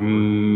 Mm.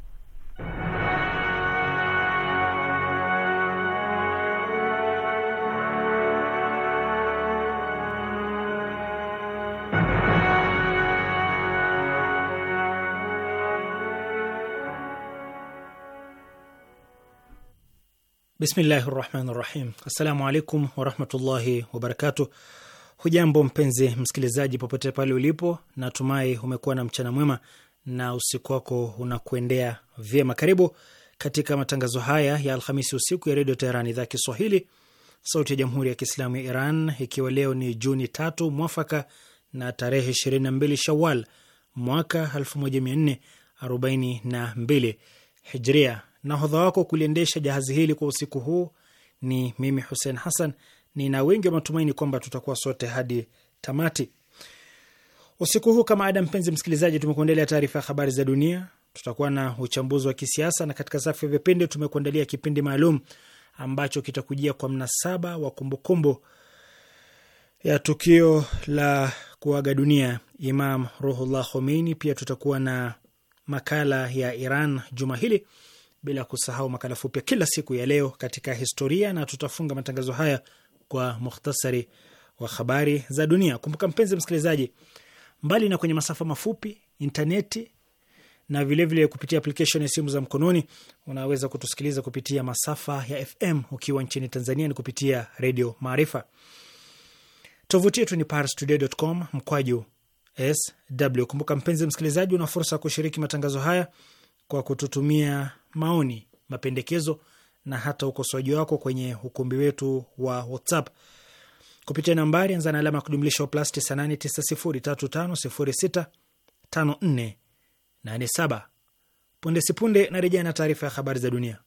Bismillahi rahmani rahim. Assalamu alaikum warahmatullahi wabarakatu. Hujambo mpenzi msikilizaji, popote pale ulipo, natumai umekuwa na mchana mwema na usiku wako unakuendea vyema. Karibu katika matangazo haya ya Alhamisi usiku ya redio Teheran, idhaa Kiswahili, sauti ya jamhuri ya kiislamu ya Iran, ikiwa leo ni Juni tatu mwafaka na tarehe 22 Shawal mwaka 1442 Hijria nahodha wako kuliendesha jahazi hili kwa usiku huu ni mimi Hussein Hassan. Nina wengi wa matumaini kwamba tutakuwa sote hadi tamati usiku huu. Kama ada, mpenzi msikilizaji, tumekuandalia taarifa ya habari za dunia, tutakuwa na uchambuzi wa kisiasa, na katika safu ya vipindi tumekuandalia kipindi maalum ambacho kitakujia kwa mnasaba wa kumbukumbu ya tukio la kuaga dunia Imam Ruhullah Khomeini. Pia tutakuwa na makala ya Iran juma hili bila kusahau makala fupi ya kila siku ya leo katika historia, na tutafunga matangazo haya kwa mukhtasari wa habari za dunia. Kumbuka mpenzi msikilizaji, mbali na kwenye masafa mafupi, intaneti na vilevile vile kupitia application ya simu za mkononi, unaweza kutusikiliza kupitia masafa ya FM. Ukiwa nchini Tanzania ni kupitia Redio Maarifa. Tovuti yetu ni parstoday.com mkwaju sw. Kumbuka mpenzi msikilizaji, una fursa ya kushiriki matangazo haya kwa kututumia maoni, mapendekezo na hata ukosoaji wako kwenye ukumbi wetu wa WhatsApp kupitia nambari anza na alama ya kujumlisha plus 989035065487. Punde sipunde narejea na taarifa ya habari za dunia.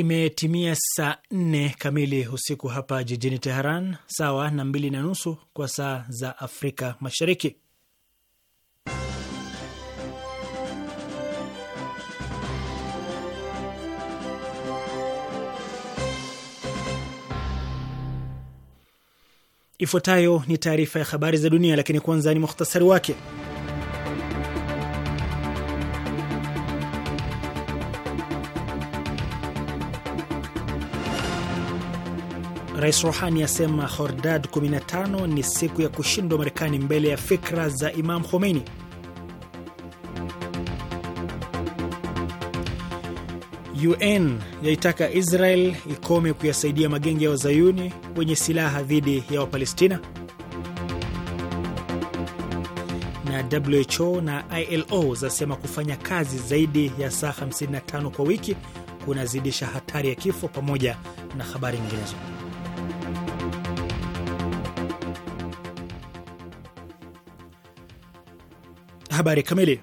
Imetimia saa nne kamili usiku hapa jijini Teheran, sawa na mbili na nusu kwa saa za Afrika Mashariki. Ifuatayo ni taarifa ya habari za dunia, lakini kwanza ni muhtasari wake. Rais Rohani asema Hordad 15 ni siku ya kushindwa Marekani mbele ya fikra za Imam Khomeini. UN yaitaka Israel ikome kuyasaidia magenge ya wazayuni wenye silaha dhidi ya Wapalestina. Na WHO na ILO zasema kufanya kazi zaidi ya saa 55 kwa wiki kunazidisha hatari ya kifo, pamoja na habari nyinginezo. Habari kamili.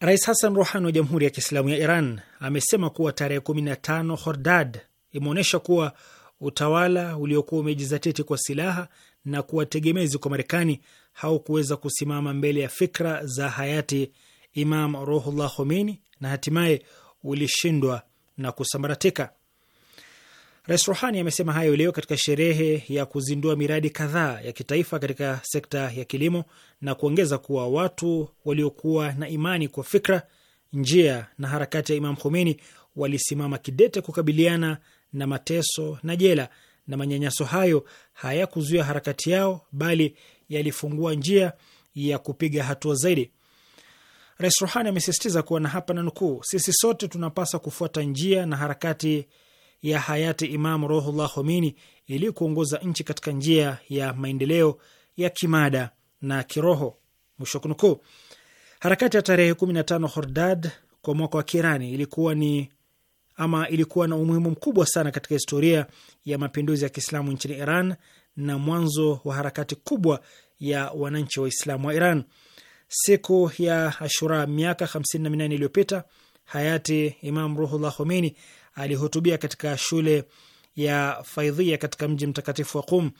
Rais Hassan Rohani wa Jamhuri ya Kiislamu ya Iran amesema kuwa tarehe 15 Hordad imeonyesha kuwa utawala uliokuwa umejizatiti kwa silaha na kuwa tegemezi kwa Marekani haukuweza kusimama mbele ya fikra za hayati Imam Ruhullah Khomeini na hatimaye ulishindwa na kusambaratika. Rais Rohani amesema hayo leo katika sherehe ya kuzindua miradi kadhaa ya kitaifa katika sekta ya kilimo na kuongeza kuwa watu waliokuwa na imani kwa fikra, njia na harakati ya Imam Khomeini walisimama kidete kukabiliana na mateso na jela, na manyanyaso hayo hayakuzuia harakati yao, bali yalifungua njia ya kupiga hatua zaidi. Rais Rohani amesisitiza kuwa na hapa na nukuu, sisi sote tunapaswa kufuata njia na harakati ya hayati Imam Ruhullah Khomeini ili kuongoza nchi katika njia ya maendeleo ya kimada na kiroho. Mwisho kunukuu. Harakati ya tarehe 15 Hordad kwa mwaka wa Kirani ilikuwa ni ama ilikuwa na umuhimu mkubwa sana katika historia ya mapinduzi ya Kiislamu nchini Iran na mwanzo wa harakati kubwa ya wananchi wa Islamu wa Iran. Siku ya Ashura miaka 58 iliyopita hayati Imam Ruhullah Khomeini alihutubia katika shule ya Faidhia katika mji mtakatifu wa Qum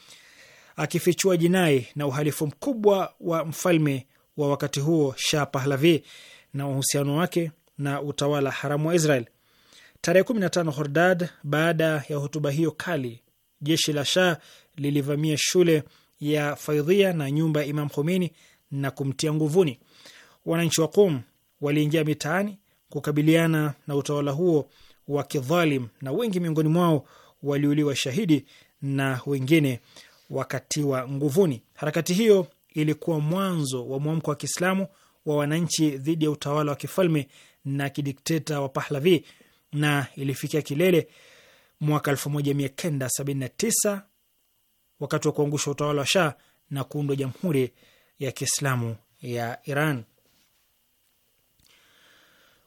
akifichua jinai na uhalifu mkubwa wa mfalme wa wakati huo Shah Pahlavi na uhusiano wake na utawala haramu wa Israel. Tarehe 15 Hordad, baada ya hotuba hiyo kali, jeshi la Shah lilivamia shule ya Faidhia na nyumba ya Imam Khomeini na kumtia nguvuni. Wananchi wa Qum waliingia mitaani kukabiliana na utawala huo wa kidhalim, na wengi miongoni mwao waliuliwa shahidi na wengine wakatiwa nguvuni. Harakati hiyo ilikuwa mwanzo wa mwamko wa Kiislamu wa wananchi dhidi ya utawala wa kifalme na kidikteta wa Pahlavi na ilifikia kilele mwaka 1979 wakati wa kuangusha utawala wa Shah na kuundwa Jamhuri ya Kiislamu ya Iran.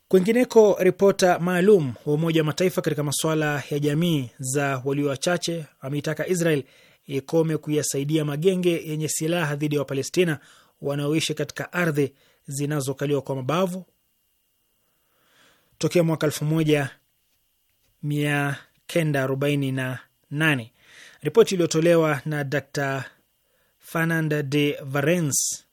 Kwingineko, ripota maalum wa Umoja wa Mataifa katika masuala ya jamii za walio wachache ameitaka Israel ikome kuyasaidia magenge yenye silaha dhidi ya Wapalestina wanaoishi katika ardhi zinazokaliwa kwa mabavu tokea mwaka elfu moja mia kenda arobaini na nane. Ripoti iliyotolewa na Dr Fernanda de Varens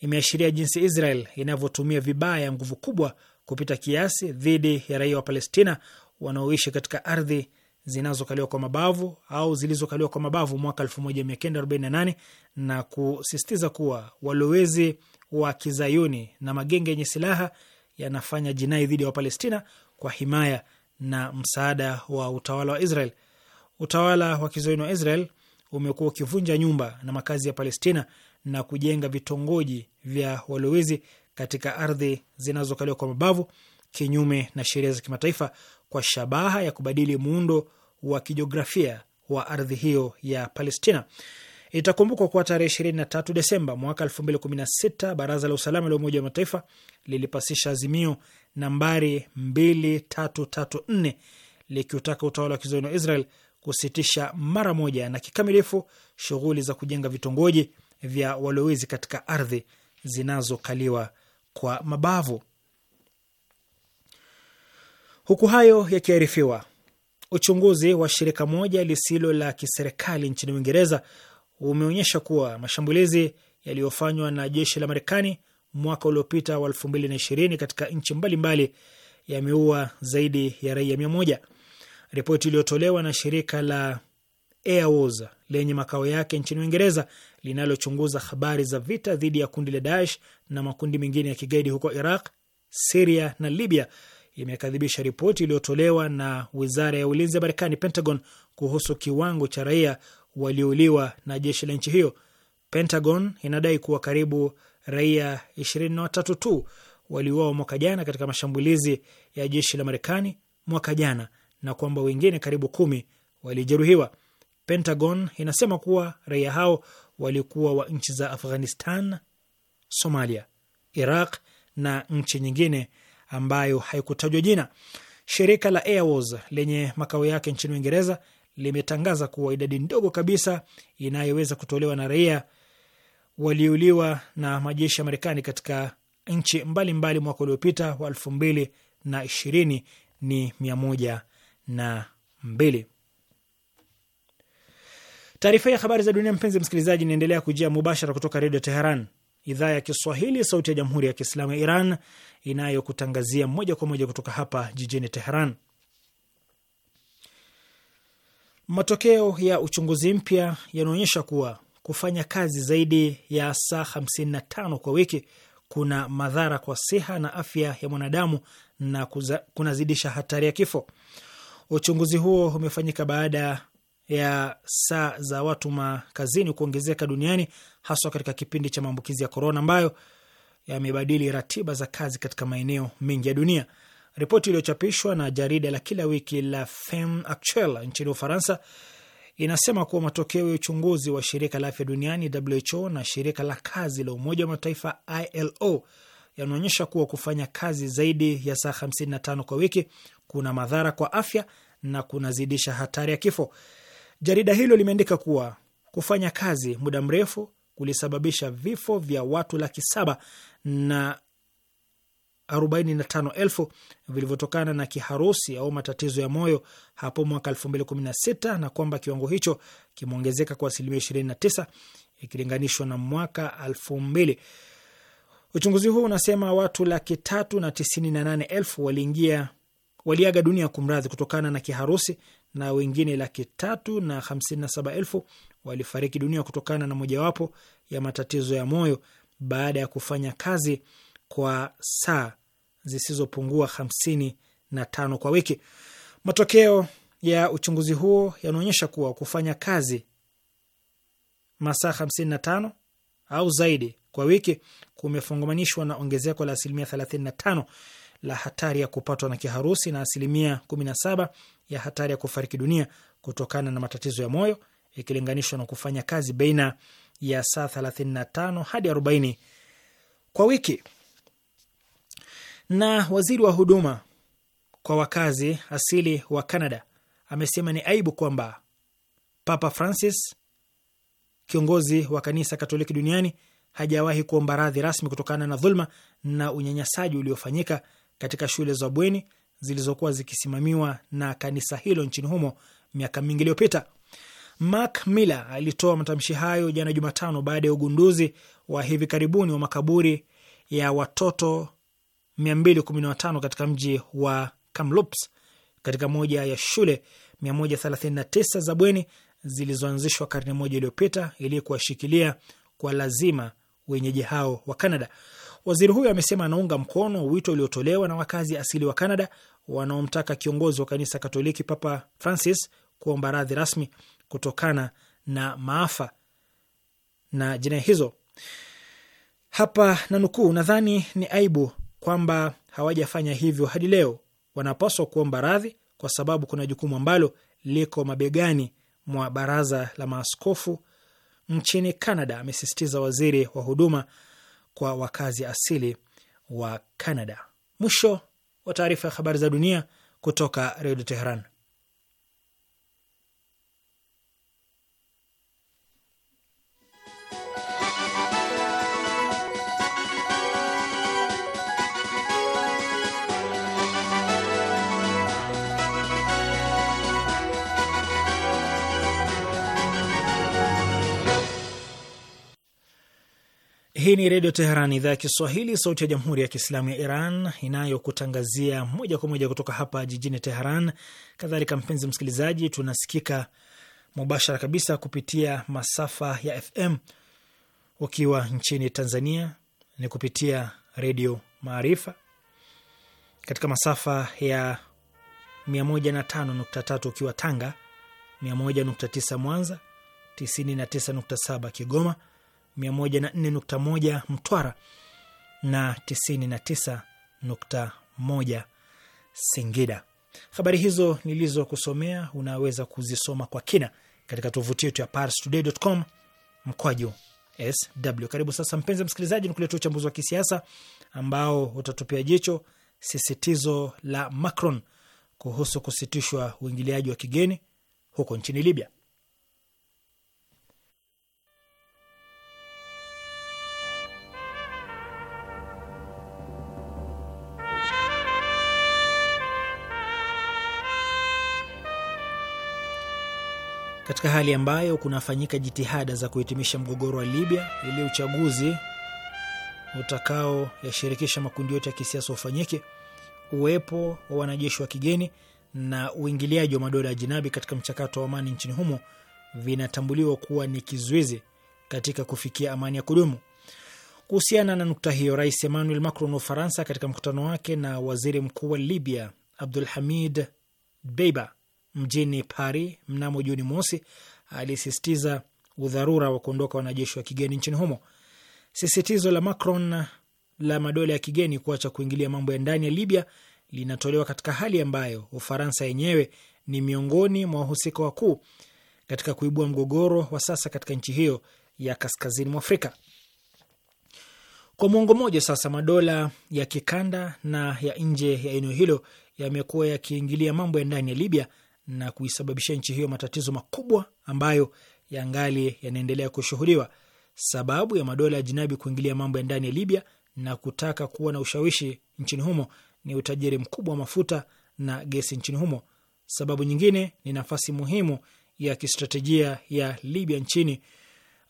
imeashiria jinsi Israel inavyotumia vibaya nguvu kubwa kupita kiasi dhidi ya raia wa Palestina wanaoishi katika ardhi zinazokaliwa kwa mabavu au zilizokaliwa kwa mabavu mwaka 1948 na kusisitiza kuwa walowezi wa kizayuni na magenge yenye silaha yanafanya jinai dhidi ya Wapalestina kwa himaya na msaada wa utawala wa Israel. Utawala wa kizayuni wa Israel umekuwa ukivunja nyumba na makazi ya Palestina na kujenga vitongoji vya walowezi katika ardhi zinazokaliwa kwa mabavu kinyume na sheria za kimataifa kwa shabaha ya kubadili muundo wa kijiografia wa ardhi hiyo ya Palestina. Itakumbukwa kuwa tarehe tatu Desemba mwaka sita baraza la usalama la Umoja wa Mataifa lilipasisha azimio nambari 2334 likiutaka utawala wa kizayuni wa Israel kusitisha mara moja na kikamilifu shughuli za kujenga vitongoji vya walowezi katika ardhi zinazokaliwa kwa mabavu. Huku hayo yakiarifiwa, uchunguzi wa shirika moja lisilo la kiserikali nchini Uingereza umeonyesha kuwa mashambulizi yaliyofanywa na jeshi la Marekani mwaka uliopita wa 2020 katika nchi mbalimbali yameua zaidi ya raia mia moja. Ripoti iliyotolewa na shirika la Airwars lenye makao yake nchini Uingereza linalochunguza habari za vita dhidi ya kundi la Daesh na makundi mengine ya kigaidi huko Iraq, Siria na Libya imekadhibisha ripoti iliyotolewa na wizara ya ulinzi ya Marekani, Pentagon, kuhusu kiwango cha raia waliouliwa na jeshi la nchi hiyo. Pentagon inadai kuwa karibu raia 23 na tu waliuawa mwaka jana katika mashambulizi ya jeshi la Marekani mwaka jana na kwamba wengine karibu kumi walijeruhiwa. Pentagon inasema kuwa raia hao walikuwa wa nchi za Afghanistan, Somalia, Iraq na nchi nyingine ambayo haikutajwa jina. Shirika la Airwars lenye makao yake nchini Uingereza limetangaza kuwa idadi ndogo kabisa inayoweza kutolewa na raia waliuliwa na majeshi ya Marekani katika nchi mbalimbali mwaka uliopita wa elfu mbili na ishirini ni mia moja na mbili. Taarifa ya habari za dunia, mpenzi msikilizaji, inaendelea kujia mubashara kutoka Redio Teheran, idhaa ya Kiswahili, sauti ya Jamhuri ya Kiislamu ya Iran, inayokutangazia moja kwa moja kutoka hapa jijini Teheran. Matokeo ya uchunguzi mpya yanaonyesha kuwa kufanya kazi zaidi ya saa 55 kwa wiki kuna madhara kwa siha na afya ya mwanadamu na kunazidisha hatari ya kifo. Uchunguzi huo umefanyika baada ya saa za watu makazini kuongezeka duniani haswa katika kipindi cha maambukizi ya korona ambayo yamebadili ratiba za kazi katika maeneo mengi ya dunia. Ripoti iliyochapishwa na jarida la kila wiki la Femme Actuelle nchini Ufaransa inasema kuwa matokeo ya uchunguzi wa shirika la afya duniani WHO na shirika la kazi la Umoja wa Mataifa ILO yanaonyesha kuwa kufanya kazi zaidi ya saa 55 kwa wiki kuna madhara kwa afya na kunazidisha hatari ya kifo. Jarida hilo limeandika kuwa kufanya kazi muda mrefu kulisababisha vifo vya watu laki saba na arobaini na tano elfu vilivyotokana na kiharusi au matatizo ya moyo hapo mwaka elfu mbili kumi na sita na kwamba kiwango hicho kimeongezeka kwa asilimia ishirini na tisa ikilinganishwa na mwaka elfu mbili. Uchunguzi huu unasema watu laki tatu na tisini na nane elfu waliingia waliaga dunia kumradhi, kutokana na kiharusi na wengine laki tatu na hamsini na saba elfu walifariki dunia kutokana na mojawapo ya matatizo ya moyo baada ya kufanya kazi kwa saa zisizopungua hamsini na tano kwa wiki. Matokeo ya uchunguzi huo yanaonyesha kuwa kufanya kazi masaa hamsini na tano au zaidi kwa wiki kumefungamanishwa na ongezeko la asilimia thelathini na tano la hatari ya kupatwa na kiharusi na asilimia 17 ya hatari ya kufariki dunia kutokana na matatizo ya moyo ikilinganishwa na kufanya kazi baina ya saa 35 hadi 40 kwa wiki. Na waziri wa huduma kwa wakazi asili wa Canada amesema ni aibu kwamba Papa Francis, kiongozi wa kanisa Katoliki duniani, hajawahi kuomba radhi rasmi kutokana na dhulma na unyanyasaji uliofanyika katika shule za bweni zilizokuwa zikisimamiwa na kanisa hilo nchini humo miaka mingi iliyopita. Mark Miller alitoa matamshi hayo jana Jumatano baada ya ugunduzi wa hivi karibuni wa makaburi ya watoto 215 katika mji wa Kamloops katika moja ya shule 139 za bweni zilizoanzishwa karne moja iliyopita ili kuwashikilia kwa lazima wenyeji hao wa canada Waziri huyo amesema anaunga mkono wito uliotolewa na wakazi asili wa Canada wanaomtaka kiongozi wa kanisa Katoliki Papa Francis kuomba radhi rasmi kutokana na maafa na jinai hizo. Hapa na nukuu, nadhani ni aibu kwamba hawajafanya hivyo hadi leo. Wanapaswa kuomba radhi kwa sababu kuna jukumu ambalo liko mabegani mwa baraza la maaskofu nchini Canada, amesisitiza waziri wa huduma kwa wakazi asili wa Canada. Mwisho wa taarifa ya habari za dunia kutoka Redio Teheran. Hii ni Redio Teheran, idhaa ya Kiswahili, sauti ya Jamhuri ya Kiislamu ya Iran, inayokutangazia moja kwa moja kutoka hapa jijini Teheran. Kadhalika mpenzi msikilizaji, tunasikika mubashara kabisa kupitia masafa ya FM. Ukiwa nchini Tanzania ni kupitia Redio Maarifa katika masafa ya 105.3, ukiwa Tanga, 101.9 Mwanza, 99.7 Kigoma 104.1 Mtwara na 99.1 Singida. Habari hizo nilizokusomea unaweza kuzisoma kwa kina katika tovuti yetu ya parstoday.com mkwaju sw. Karibu sasa, mpenzi msikilizaji, ni kuletea uchambuzi wa kisiasa ambao utatupia jicho sisitizo la Macron kuhusu kusitishwa uingiliaji wa kigeni huko nchini Libya. katika hali ambayo kunafanyika jitihada za kuhitimisha mgogoro wa Libya ili uchaguzi utakao yashirikisha makundi yote ya kisiasa ufanyike, uwepo wa wanajeshi wa kigeni na uingiliaji wa madola ya jinabi katika mchakato wa amani nchini humo vinatambuliwa kuwa ni kizuizi katika kufikia amani ya kudumu. Kuhusiana na nukta hiyo, Rais Emmanuel Macron wa Ufaransa katika mkutano wake na waziri mkuu wa Libya Abdul Hamid beiba mjini Paris mnamo Juni mosi, alisisitiza udharura wa kuondoka wanajeshi wa kigeni nchini humo. Sisitizo la Macron la madola ya kigeni kuacha kuingilia mambo ya ndani ya Libya linatolewa katika hali ambayo Ufaransa yenyewe ni miongoni mwa wahusika wakuu katika kuibua mgogoro wa sasa katika nchi hiyo ya kaskazini mwa Afrika. Kwa mwongo mmoja sasa, madola ya kikanda na ya nje ya eneo hilo yamekuwa yakiingilia mambo ya ndani ya Libya na kuisababishia nchi hiyo matatizo makubwa ambayo yangali yanaendelea kushuhudiwa. Sababu ya madola ya jinabi kuingilia mambo ya ndani ya Libya na kutaka kuwa na ushawishi nchini humo ni utajiri mkubwa wa mafuta na gesi nchini humo. Sababu nyingine ni nafasi muhimu ya kistratejia ya Libya nchini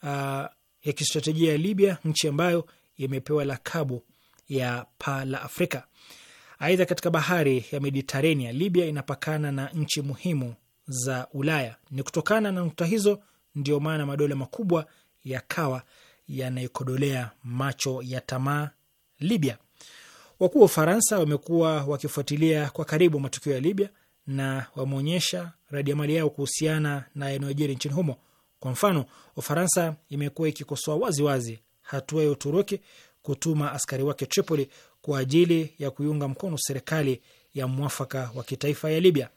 uh, ya kistratejia ya Libya, nchi ambayo imepewa lakabu ya paa la Afrika. Aidha, katika bahari ya Mediterania, Libya inapakana na nchi muhimu za Ulaya. Ni kutokana na nukta hizo ndiyo maana madola makubwa yakawa yanaikodolea macho ya tamaa Libya. Wakuu wa Ufaransa wamekuwa wakifuatilia kwa karibu matukio ya Libya na wameonyesha radiamali yao kuhusiana na yanayojiri nchini humo. Kwa mfano, Ufaransa imekuwa ikikosoa waziwazi hatua ya Uturuki kutuma askari wake Tripoli kwa ajili ya kuiunga mkono serikali ya mwafaka wa kitaifa ya Libya.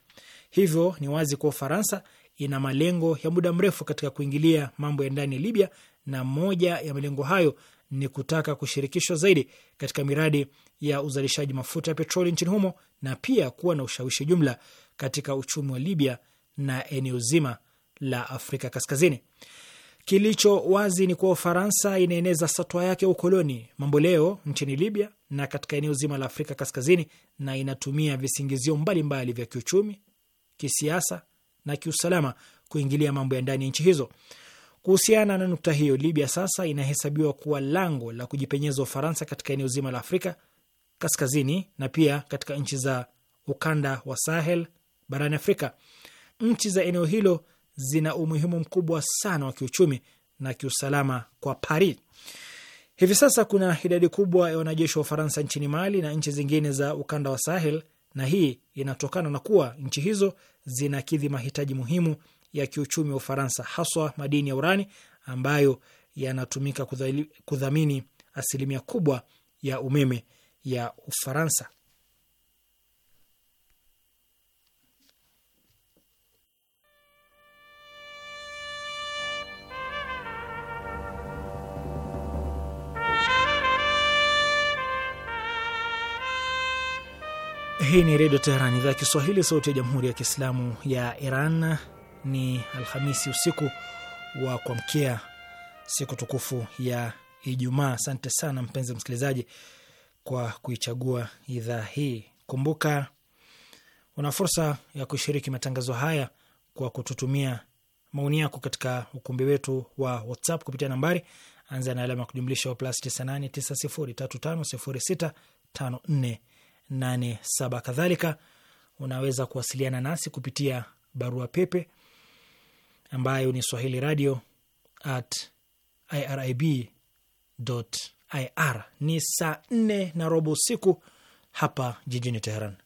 Hivyo ni wazi kuwa Ufaransa ina malengo ya muda mrefu katika kuingilia mambo ya ndani ya Libya, na moja ya malengo hayo ni kutaka kushirikishwa zaidi katika miradi ya uzalishaji mafuta ya petroli nchini humo na pia kuwa na ushawishi jumla katika uchumi wa Libya na eneo zima la Afrika Kaskazini. Kilicho wazi ni kuwa Ufaransa inaeneza satwa yake ya ukoloni mambo leo nchini Libya na katika eneo zima la Afrika Kaskazini, na inatumia visingizio mbalimbali vya kiuchumi, kisiasa na kiusalama kuingilia mambo ya ndani ya nchi hizo. Kuhusiana na nukta hiyo, Libya sasa inahesabiwa kuwa lango la kujipenyeza Ufaransa katika eneo zima la Afrika Kaskazini na pia katika nchi za ukanda wa Sahel barani Afrika. Nchi za eneo hilo zina umuhimu mkubwa sana wa kiuchumi na kiusalama kwa Paris. Hivi sasa kuna idadi kubwa ya wanajeshi wa Ufaransa nchini Mali na nchi zingine za ukanda wa Sahel, na hii inatokana na kuwa nchi hizo zinakidhi mahitaji muhimu ya kiuchumi wa Ufaransa, haswa madini ya urani ambayo yanatumika kudhamini asilimia kubwa ya umeme ya Ufaransa. Hii ni Redio Teheran, idhaa ya Kiswahili, sauti ya Jamhuri ya Kiislamu ya Iran. Ni Alhamisi usiku wa kuamkia siku tukufu ya Ijumaa. Asante sana mpenzi msikilizaji kwa kuichagua idhaa hii. Kumbuka una fursa ya kushiriki matangazo haya kwa kututumia maoni yako katika ukumbi wetu wa WhatsApp kupitia nambari anza na alama ya kujumlisha wa plus 98 90350654 87. Kadhalika unaweza kuwasiliana nasi kupitia barua pepe ambayo ni swahili radio at irib ir. Ni saa nne na robo usiku hapa jijini Teheran.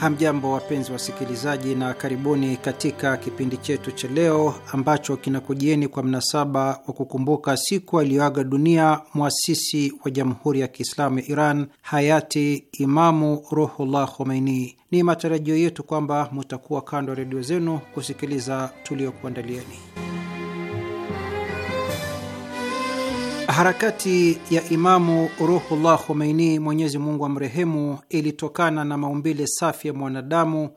Hamjambo, wapenzi wasikilizaji, na karibuni katika kipindi chetu cha leo ambacho kinakujieni kwa mnasaba wa kukumbuka siku aliyoaga dunia mwasisi wa Jamhuri ya Kiislamu ya Iran, hayati Imamu Ruhullah Khomeini. Ni matarajio yetu kwamba mutakuwa kando ya redio zenu kusikiliza tuliokuandalieni. Harakati ya Imamu Ruhullah Khomeini, Mwenyezi Mungu amrehemu, ilitokana na maumbile safi ya mwanadamu,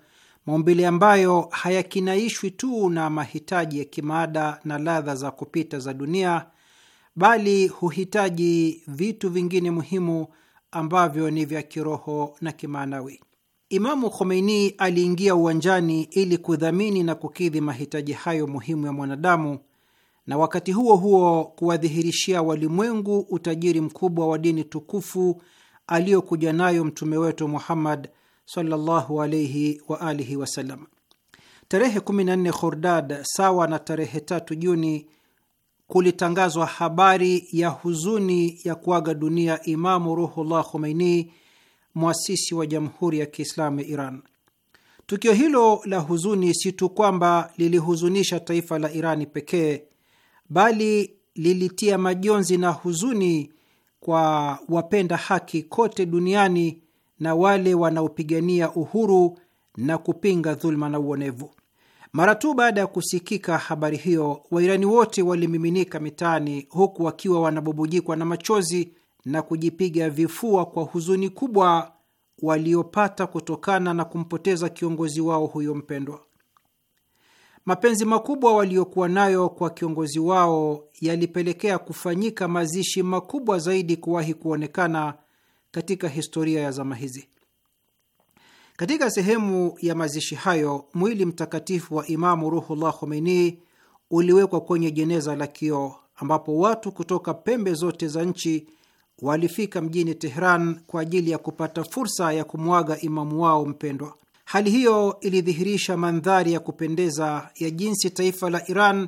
maumbile ambayo hayakinaishwi tu na mahitaji ya kimaada na ladha za kupita za dunia, bali huhitaji vitu vingine muhimu ambavyo ni vya kiroho na kimaanawi. Imamu Khomeini aliingia uwanjani ili kudhamini na kukidhi mahitaji hayo muhimu ya mwanadamu na wakati huo huo kuwadhihirishia walimwengu utajiri mkubwa wa dini tukufu aliyokuja nayo mtume wetu Muhammad sallallahu wa alihi wasallam. Tarehe 14 Khordad sawa na tarehe 3 Juni kulitangazwa habari ya huzuni ya kuaga dunia Imamu Ruhullah Khomeini, mwasisi wa Jamhuri ya Kiislamu ya Iran. Tukio hilo la huzuni si tu kwamba lilihuzunisha taifa la Irani pekee bali lilitia majonzi na huzuni kwa wapenda haki kote duniani na wale wanaopigania uhuru na kupinga dhuluma na uonevu. Mara tu baada ya kusikika habari hiyo, Wairani wote walimiminika mitaani, huku wakiwa wanabubujikwa na machozi na kujipiga vifua kwa huzuni kubwa waliopata kutokana na kumpoteza kiongozi wao huyo mpendwa. Mapenzi makubwa waliokuwa nayo kwa kiongozi wao yalipelekea kufanyika mazishi makubwa zaidi kuwahi kuonekana katika historia ya zama hizi. Katika sehemu ya mazishi hayo, mwili mtakatifu wa Imamu Ruhullah Khomeini uliwekwa kwenye jeneza la kioo ambapo watu kutoka pembe zote za nchi walifika mjini Tehran kwa ajili ya kupata fursa ya kumwaga imamu wao mpendwa. Hali hiyo ilidhihirisha mandhari ya kupendeza ya jinsi taifa la Iran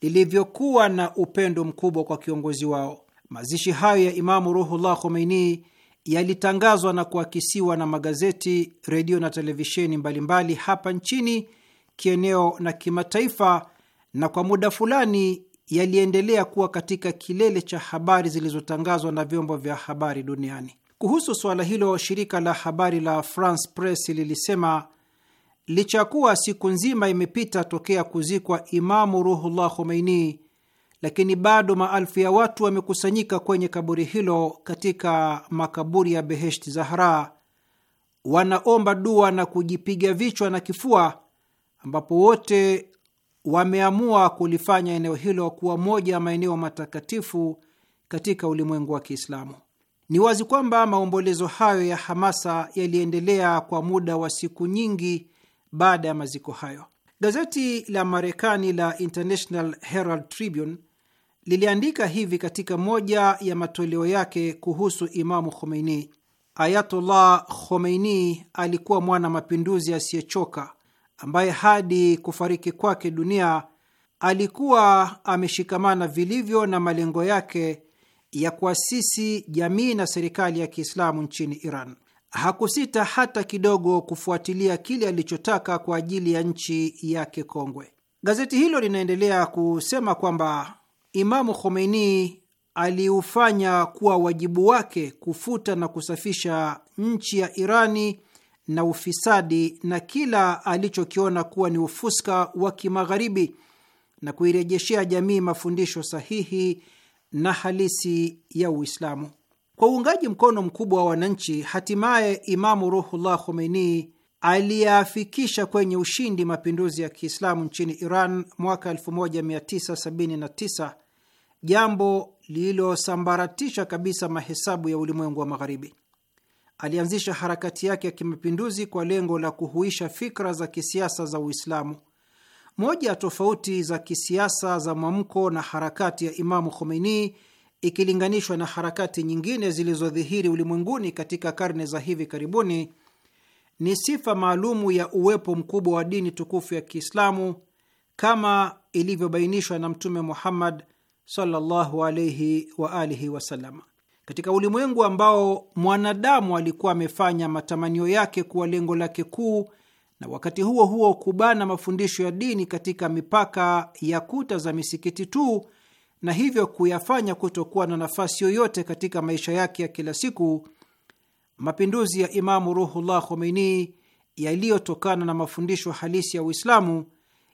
lilivyokuwa na upendo mkubwa kwa kiongozi wao. Mazishi hayo ya Imamu Ruhullah Khomeini yalitangazwa na kuakisiwa na magazeti, redio na televisheni mbalimbali hapa nchini, kieneo na kimataifa, na kwa muda fulani yaliendelea kuwa katika kilele cha habari zilizotangazwa na vyombo vya habari duniani. Kuhusu suala hilo, shirika la habari la France Press lilisema licha ya kuwa siku nzima imepita tokea kuzikwa Imamu Ruhullah Khomeini, lakini bado maelfu ya watu wamekusanyika kwenye kaburi hilo katika makaburi ya Beheshti Zahra, wanaomba dua na kujipiga vichwa na kifua, ambapo wote wameamua kulifanya eneo hilo kuwa moja ya maeneo matakatifu katika ulimwengu wa Kiislamu. Ni wazi kwamba maombolezo hayo ya hamasa yaliendelea kwa muda wa siku nyingi baada ya maziko hayo. Gazeti la Marekani la International Herald Tribune liliandika hivi katika moja ya matoleo yake kuhusu Imamu Khomeini: Ayatollah Khomeini alikuwa mwana mapinduzi asiyechoka ambaye hadi kufariki kwake dunia alikuwa ameshikamana vilivyo na malengo yake ya kuasisi jamii na serikali ya Kiislamu nchini Iran. Hakusita hata kidogo kufuatilia kile alichotaka kwa ajili ya nchi yake kongwe. Gazeti hilo linaendelea kusema kwamba Imamu Khomeini aliufanya kuwa wajibu wake kufuta na kusafisha nchi ya Irani na ufisadi na kila alichokiona kuwa ni ufuska wa kimagharibi na kuirejeshea jamii mafundisho sahihi na halisi ya Uislamu. Kwa uungaji mkono mkubwa wa wananchi, hatimaye Imamu Ruhullah Khomeini aliyeafikisha kwenye ushindi mapinduzi ya Kiislamu nchini Iran mwaka 1979, jambo lililosambaratisha kabisa mahesabu ya ulimwengu wa Magharibi. Alianzisha harakati yake ya kimapinduzi kwa lengo la kuhuisha fikra za kisiasa za Uislamu moja ya tofauti za kisiasa za mwamko na harakati ya Imamu Khomeini ikilinganishwa na harakati nyingine zilizodhihiri ulimwenguni katika karne za hivi karibuni ni sifa maalumu ya uwepo mkubwa wa dini tukufu ya Kiislamu kama ilivyobainishwa na Mtume Muhammad sallallahu alaihi wa alihi wasallam. Katika ulimwengu ambao mwanadamu alikuwa amefanya matamanio yake kuwa lengo lake kuu na wakati huo huo kubana mafundisho ya dini katika mipaka ya kuta za misikiti tu na hivyo kuyafanya kutokuwa na nafasi yoyote katika maisha yake ya kila siku. Mapinduzi ya Imamu Ruhullah Khomeini yaliyotokana na mafundisho halisi ya Uislamu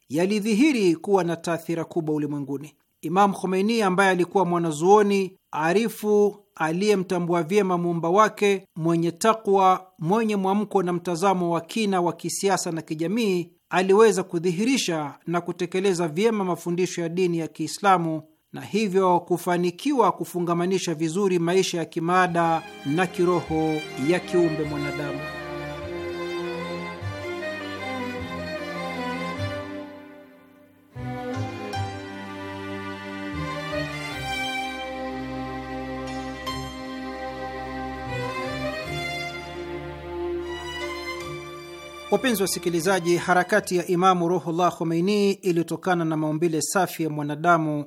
yalidhihiri kuwa na taathira kubwa ulimwenguni. Imamu Khomeini ambaye alikuwa mwanazuoni arifu aliyemtambua vyema muumba wake, mwenye takwa, mwenye mwamko na mtazamo wa kina wa kisiasa na kijamii, aliweza kudhihirisha na kutekeleza vyema mafundisho ya dini ya Kiislamu na hivyo kufanikiwa kufungamanisha vizuri maisha ya kimaada na kiroho ya kiumbe mwanadamu. Wapenzi wasikilizaji, harakati ya Imamu Ruhullah Khomeini ilitokana na maumbile safi ya mwanadamu,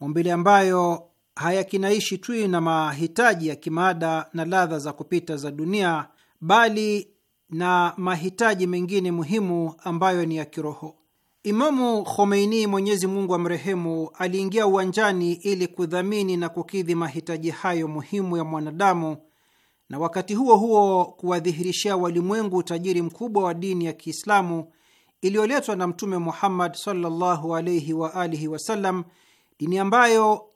maumbile ambayo hayakinaishi tu na mahitaji ya kimaada na ladha za kupita za dunia, bali na mahitaji mengine muhimu ambayo ni ya kiroho. Imamu Khomeini, Mwenyezi Mungu amrehemu, aliingia uwanjani ili kudhamini na kukidhi mahitaji hayo muhimu ya mwanadamu na wakati huo huo kuwadhihirishia walimwengu utajiri mkubwa wa dini ya Kiislamu iliyoletwa na Mtume Muhammad sallallahu alaihi wa alihi wasallam, dini ambayo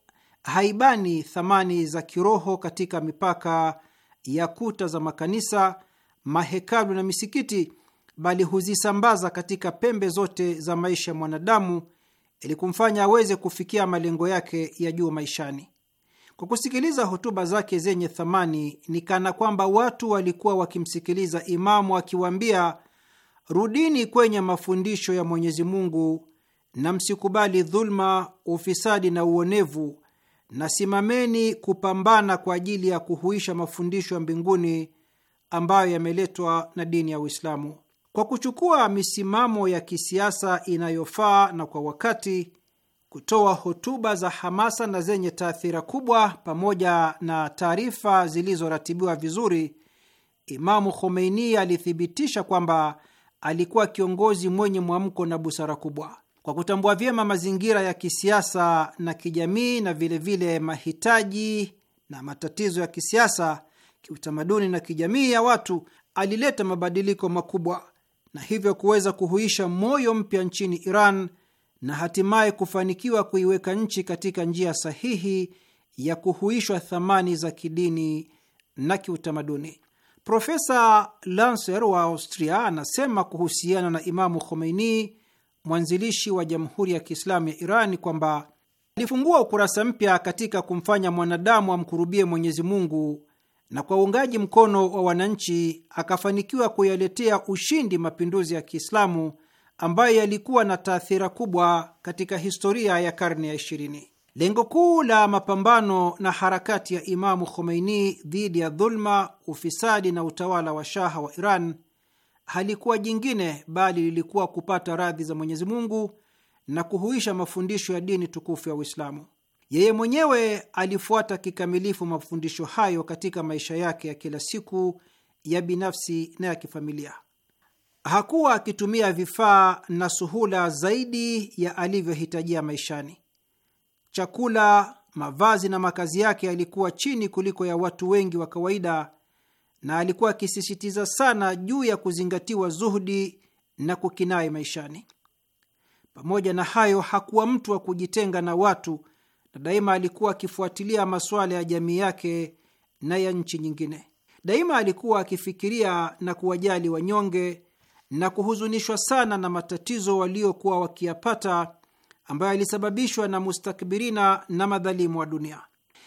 haibani thamani za kiroho katika mipaka ya kuta za makanisa, mahekalu na misikiti, bali huzisambaza katika pembe zote za maisha ya mwanadamu ili kumfanya aweze kufikia malengo yake ya juu maishani. Kwa kusikiliza hotuba zake zenye thamani, ni kana kwamba watu walikuwa wakimsikiliza imamu akiwaambia, rudini kwenye mafundisho ya Mwenyezi Mungu na msikubali dhuluma, ufisadi na uonevu, na simameni kupambana kwa ajili ya kuhuisha mafundisho ya mbinguni ambayo yameletwa na dini ya Uislamu. Kwa kuchukua misimamo ya kisiasa inayofaa na kwa wakati kutoa hotuba za hamasa na zenye taathira kubwa pamoja na taarifa zilizoratibiwa vizuri, Imamu Khomeini alithibitisha kwamba alikuwa kiongozi mwenye mwamko na busara kubwa. Kwa kutambua vyema mazingira ya kisiasa na kijamii na vilevile vile mahitaji na matatizo ya kisiasa, kiutamaduni na kijamii ya watu, alileta mabadiliko makubwa na hivyo kuweza kuhuisha moyo mpya nchini Iran na hatimaye kufanikiwa kuiweka nchi katika njia sahihi ya kuhuishwa thamani za kidini na kiutamaduni. Profesa Lancer wa Austria anasema kuhusiana na Imamu Khomeini, mwanzilishi wa Jamhuri ya Kiislamu ya Iran, kwamba alifungua ukurasa mpya katika kumfanya mwanadamu amkurubie Mwenyezi Mungu, na kwa uungaji mkono wa wananchi akafanikiwa kuyaletea ushindi mapinduzi ya Kiislamu ambayo yalikuwa na taathira kubwa katika historia ya karne ya ishirini. Lengo kuu la mapambano na harakati ya Imamu Khomeini dhidi ya dhulma, ufisadi na utawala wa shaha wa Iran halikuwa jingine bali lilikuwa kupata radhi za Mwenyezi Mungu na kuhuisha mafundisho ya dini tukufu ya Uislamu. Yeye mwenyewe alifuata kikamilifu mafundisho hayo katika maisha yake ya kila siku ya binafsi na ya kifamilia hakuwa akitumia vifaa na suhula zaidi ya alivyohitajia maishani. Chakula, mavazi na makazi yake yalikuwa chini kuliko ya watu wengi wa kawaida, na alikuwa akisisitiza sana juu ya kuzingatiwa zuhudi na kukinai maishani. Pamoja na hayo, hakuwa mtu wa kujitenga na watu, na daima alikuwa akifuatilia masuala ya jamii yake na ya nchi nyingine. Daima alikuwa akifikiria na kuwajali wanyonge na kuhuzunishwa sana na matatizo waliokuwa wakiyapata ambayo yalisababishwa na mustakbirina na madhalimu wa dunia.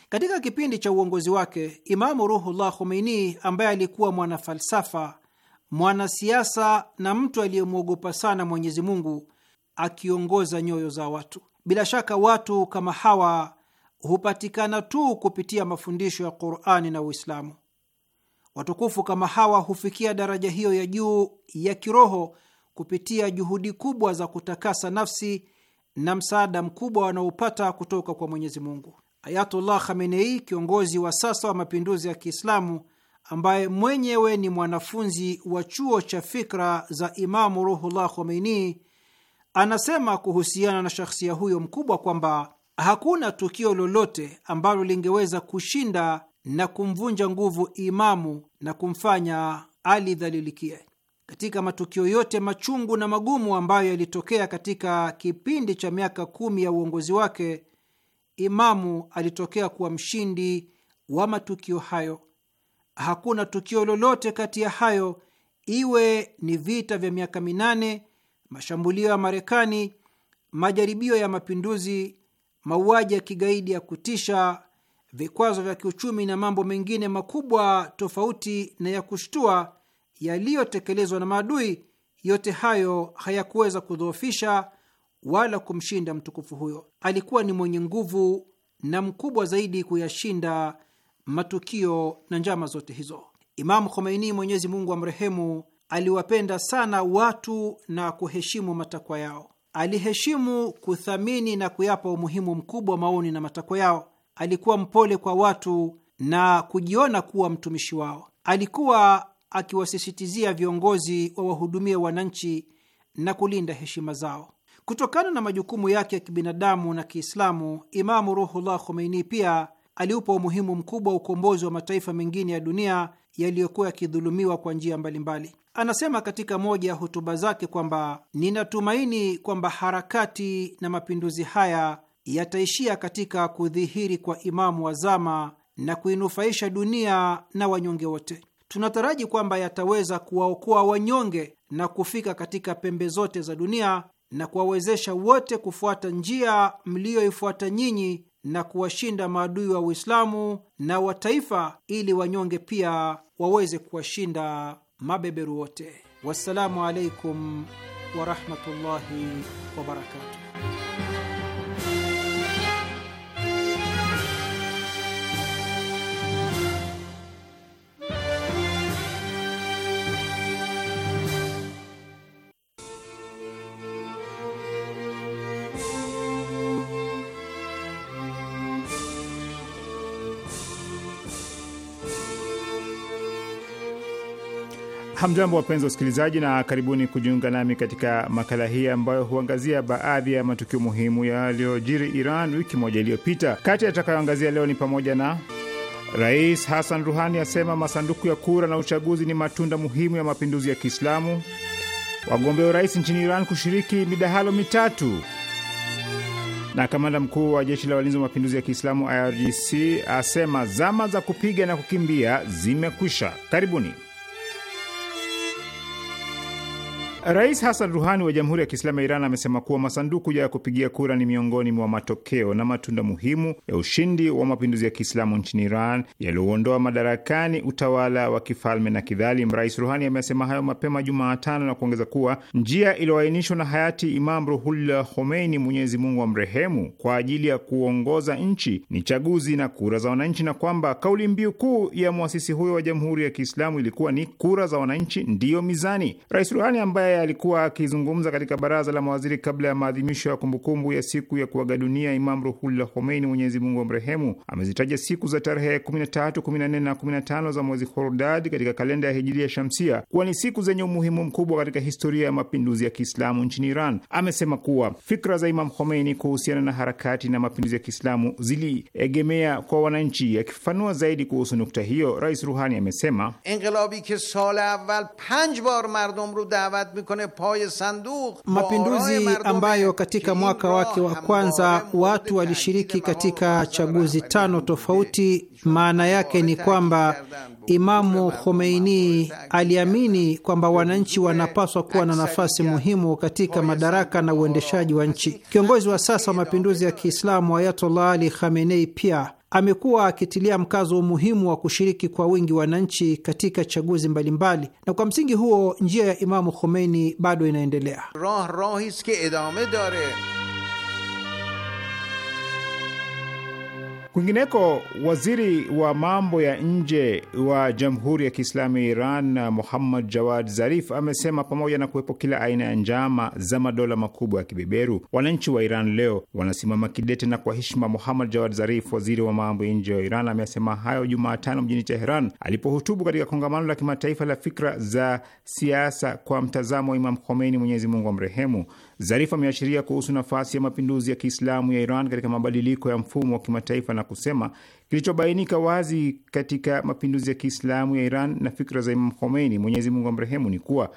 Katika kipindi cha uongozi wake, Imamu Ruhullah Khomeini, ambaye alikuwa mwanafalsafa, mwanasiasa na mtu aliyemwogopa sana Mwenyezi Mungu, akiongoza nyoyo za watu. Bila shaka watu kama hawa hupatikana tu kupitia mafundisho ya Qurani na Uislamu. Watukufu kama hawa hufikia daraja hiyo ya juu ya kiroho kupitia juhudi kubwa za kutakasa nafsi na msaada mkubwa wanaopata kutoka kwa Mwenyezi Mungu. Ayatullah Khamenei, kiongozi wa sasa wa mapinduzi ya Kiislamu, ambaye mwenyewe ni mwanafunzi wa chuo cha fikra za Imamu Ruhullah Khomeini, anasema kuhusiana na shakhsia huyo mkubwa kwamba hakuna tukio lolote ambalo lingeweza kushinda na kumvunja nguvu imamu na kumfanya alidhalilikie. Katika matukio yote machungu na magumu ambayo yalitokea katika kipindi cha miaka kumi ya uongozi wake, imamu alitokea kuwa mshindi wa matukio hayo. Hakuna tukio lolote kati ya hayo, iwe ni vita vya miaka minane, mashambulio ya Marekani, majaribio ya mapinduzi, mauaji ya kigaidi ya kutisha vikwazo vya kiuchumi na mambo mengine makubwa tofauti na ya kushtua yaliyotekelezwa na maadui, yote hayo hayakuweza kudhoofisha wala kumshinda mtukufu huyo. Alikuwa ni mwenye nguvu na mkubwa zaidi kuyashinda matukio na njama zote hizo. Imamu Khomeini, Mwenyezi Mungu amrehemu, aliwapenda sana watu na kuheshimu matakwa yao. Aliheshimu, kuthamini na kuyapa umuhimu mkubwa maoni na matakwa yao alikuwa mpole kwa watu na kujiona kuwa mtumishi wao. Alikuwa akiwasisitizia viongozi wa wahudumia wananchi na kulinda heshima zao. Kutokana na majukumu yake ya kibinadamu na Kiislamu, Imamu Ruhullah Khomeini pia aliupa umuhimu mkubwa wa ukombozi wa mataifa mengine ya dunia yaliyokuwa yakidhulumiwa kwa njia mbalimbali. Anasema katika moja ya hotuba zake kwamba ninatumaini kwamba harakati na mapinduzi haya yataishia katika kudhihiri kwa Imamu wa zama na kuinufaisha dunia na wanyonge wote. Tunataraji kwamba yataweza kuwaokoa wanyonge na kufika katika pembe zote za dunia na kuwawezesha wote kufuata njia mliyoifuata nyinyi na kuwashinda maadui wa Uislamu na wataifa ili wanyonge pia waweze kuwashinda mabeberu wote. Wassalamu alaikum warahmatullahi wabarakatuh. Hamjambo, wapenzi wa usikilizaji, na karibuni kujiunga nami katika makala hii ambayo huangazia baadhi ya matukio muhimu yaliyojiri Iran wiki moja iliyopita. Kati yatakayoangazia leo ni pamoja na Rais Hassan Ruhani asema masanduku ya kura na uchaguzi ni matunda muhimu ya mapinduzi ya Kiislamu, wagombea urais nchini Iran kushiriki midahalo mitatu, na kamanda mkuu wa jeshi la walinzi wa mapinduzi ya Kiislamu IRGC asema zama za kupiga na kukimbia zimekwisha. Karibuni. Rais Hasan Ruhani wa Jamhuri ya Kiislamu ya Iran amesema kuwa masanduku ya kupigia kura ni miongoni mwa matokeo na matunda muhimu ya ushindi wa mapinduzi ya Kiislamu nchini Iran yaliyoondoa madarakani utawala wa kifalme na kidhalim. Rais Ruhani amesema hayo mapema Jumaatano na kuongeza kuwa njia iliyoainishwa na hayati Imam Ruhullah Khomeini, Mwenyezi Mungu amrehemu, kwa ajili ya kuongoza nchi ni chaguzi na kura za wananchi, na kwamba kauli mbiu kuu ya mwasisi huyo wa Jamhuri ya Kiislamu ilikuwa ni kura za wananchi ndiyo mizani. Rais Ruhani ambaye ambaye alikuwa akizungumza katika baraza la mawaziri kabla ya maadhimisho ya kumbukumbu ya siku ya kuaga dunia Imam Ruhullah Khomeini, Mwenyezi Mungu amrehemu, amezitaja siku za tarehe 13, 14 na 15 za mwezi Hordad katika kalenda ya Hijiria Shamsia kuwa ni siku zenye umuhimu mkubwa katika historia ya mapinduzi ya Kiislamu nchini Iran. Amesema kuwa fikra za Imam Khomeini kuhusiana na harakati na mapinduzi ya Kiislamu ziliegemea kwa wananchi. Akifafanua zaidi kuhusu nukta hiyo, Rais Ruhani amesema inqilabi ke sal awal panj bar mardom ro mapinduzi ambayo katika mwaka wake wa kwanza watu walishiriki katika chaguzi tano tofauti. Maana yake ni kwamba Imamu Khomeini aliamini kwamba wananchi wanapaswa kuwa na nafasi muhimu katika madaraka na uendeshaji wa nchi. Kiongozi wa sasa wa mapinduzi ya Kiislamu Ayatollah Ali Khamenei pia amekuwa akitilia mkazo umuhimu wa kushiriki kwa wingi wananchi katika chaguzi mbalimbali mbali, na kwa msingi huo njia ya Imamu Khomeini bado inaendelea rah, rahi iske dare Kwingineko, waziri wa mambo ya nje wa Jamhuri ya Kiislamu ya Iran Muhammad Jawad Zarif amesema pamoja na kuwepo kila aina ya njama za madola makubwa ya kibeberu, wananchi wa Iran leo wanasimama kidete na kwa heshima. Muhammad Jawad Zarif, waziri wa mambo ya nje wa Iran, amesema hayo Jumatano mjini Teheran alipohutubu katika kongamano la kimataifa la fikra za siasa kwa mtazamo wa Imam Khomeini, Mwenyezi Mungu amrehemu. Zarif ameashiria kuhusu nafasi ya mapinduzi ya Kiislamu ya Iran katika mabadiliko ya mfumo wa kimataifa na kusema kilichobainika wazi katika mapinduzi ya Kiislamu ya Iran na fikra za Imam Khomeini, Mwenyezi Mungu amrehemu, ni kuwa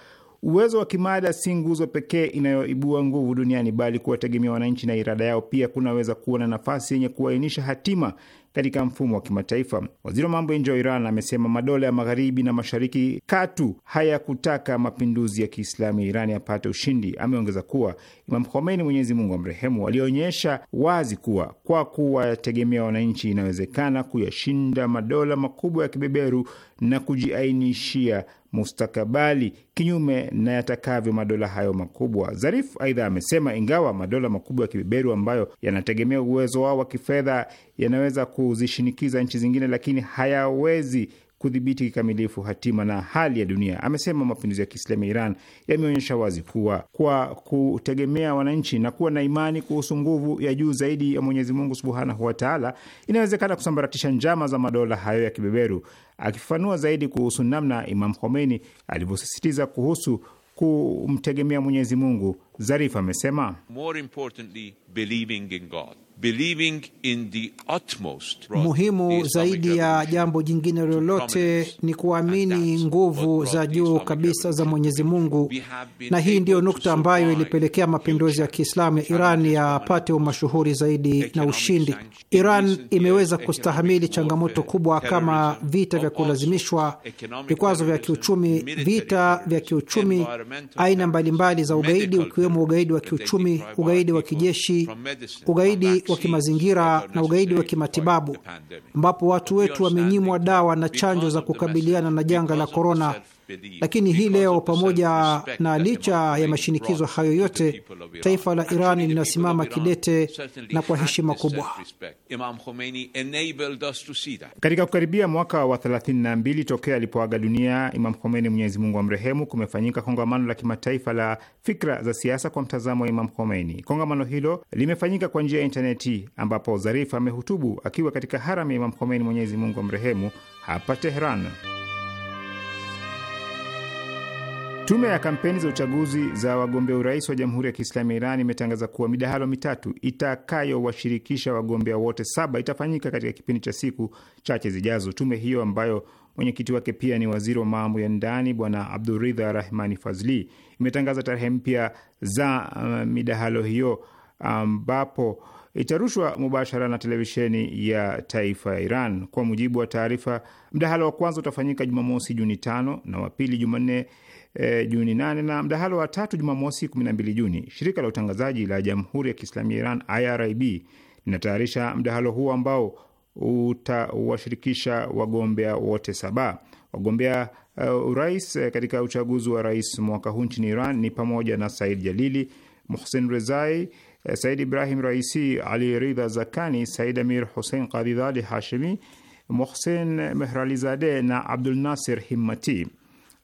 Uwezo wa kimada si nguzo pekee inayoibua nguvu duniani, bali kuwategemea wananchi na irada yao pia kunaweza kuwa na nafasi yenye kuainisha hatima katika mfumo wa kimataifa. Waziri wa mambo ya nje wa Iran amesema madola ya magharibi na mashariki katu hayakutaka mapinduzi ya Kiislamu ya Iran yapate ushindi. Ameongeza kuwa Imam Khomeini, Mwenyezi Mungu amrehemu, alionyesha wazi kuwa kwa kuwategemea wananchi inawezekana kuyashinda madola makubwa ya kibeberu na kujiainishia mustakabali kinyume na yatakavyo madola hayo makubwa. Zarif aidha amesema ingawa madola makubwa ya kibeberu ambayo yanategemea uwezo wao wa kifedha yanaweza kuzishinikiza nchi zingine, lakini hayawezi kudhibiti kikamilifu hatima na hali ya dunia. Amesema mapinduzi ya Kiislamu ya Iran yameonyesha wazi kuwa kwa kutegemea wananchi na kuwa na imani kuhusu nguvu ya juu zaidi ya Mwenyezi Mungu subhanahu wataala, inawezekana kusambaratisha njama za madola hayo ya kibeberu. Akifafanua zaidi kuhusu namna Imam Khomeini alivyosisitiza kuhusu kumtegemea Mwenyezi Mungu, Zarif amesema More Muhimu zaidi ya jambo jingine lolote ni kuamini nguvu za juu kabisa za Mwenyezi Mungu, na hii ndiyo nukta ambayo ilipelekea mapinduzi ya Kiislamu ya Iran yapate umashuhuri zaidi na ushindi. Iran imeweza kustahamili changamoto kubwa kama vita vya kulazimishwa, vikwazo vya kiuchumi, vita vya kiuchumi, aina mbalimbali za ugaidi, ukiwemo ugaidi wa kiuchumi, ugaidi wa kijeshi, ugaidi wa kimazingira na ugaidi wa kimatibabu, ambapo watu wetu wamenyimwa dawa na chanjo za kukabiliana na janga la korona lakini hii leo, pamoja na licha ya mashinikizo hayo yote, taifa la Iran linasimama kidete na kwa heshima kubwa. Katika kukaribia mwaka wa 32 tokea alipoaga dunia Imam Khomeini, Mwenyezi Mungu amrehemu, kumefanyika kongamano la kimataifa la fikra za siasa kwa mtazamo wa Imam Khomeini. Kongamano hilo limefanyika kwa njia ya intaneti, ambapo Zarif amehutubu akiwa katika haram ya Imam Khomeini, Mwenyezi Mungu amrehemu, hapa Tehran. Tume ya kampeni za uchaguzi za wagombea urais wa Jamhuri ya Kiislamu ya Iran imetangaza kuwa midahalo mitatu itakayowashirikisha wagombea wote saba itafanyika katika kipindi cha siku chache zijazo. Tume hiyo ambayo mwenyekiti wake pia ni waziri wa mambo ya ndani Bwana Abduridha Rahmani Fazli imetangaza tarehe mpya za uh, midahalo hiyo ambapo um, itarushwa mubashara na televisheni ya taifa ya Iran. Kwa mujibu wa taarifa, mdahalo wa kwanza utafanyika Jumamosi Juni tano na wa pili Jumanne e, Juni 8 na mdahalo wa tatu Jumamosi 12 Juni. Shirika la utangazaji la Jamhuri ya kiislamia ya Iran IRIB linatayarisha mdahalo huu ambao utawashirikisha wagombea wote saba. Wagombea uh, urais eh, katika uchaguzi wa rais mwaka huu nchini Iran ni pamoja na Said Jalili, Muhsin Rezai, Said Ibrahim Raisi, Ali Ridha Zakani, Said Amir Hussein Qadidhali Hashimi, Mohsen Mehralizade na Abdul Nasir Himmati.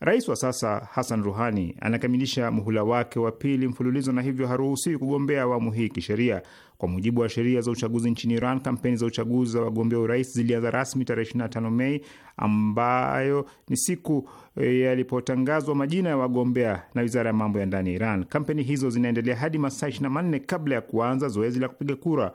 Rais wa sasa Hassan Ruhani anakamilisha muhula wake wa pili mfululizo na hivyo haruhusiwi kugombea awamu hii kisheria. Kwa mujibu wa sheria za uchaguzi nchini Iran, kampeni za uchaguzi za wagombea urais zilianza rasmi tarehe 25 Mei, ambayo ni siku eh, yalipotangazwa majina ya wagombea na wizara ya mambo ya ndani ya Iran. Kampeni hizo zinaendelea hadi masaa 24 kabla ya kuanza zoezi la kupiga kura.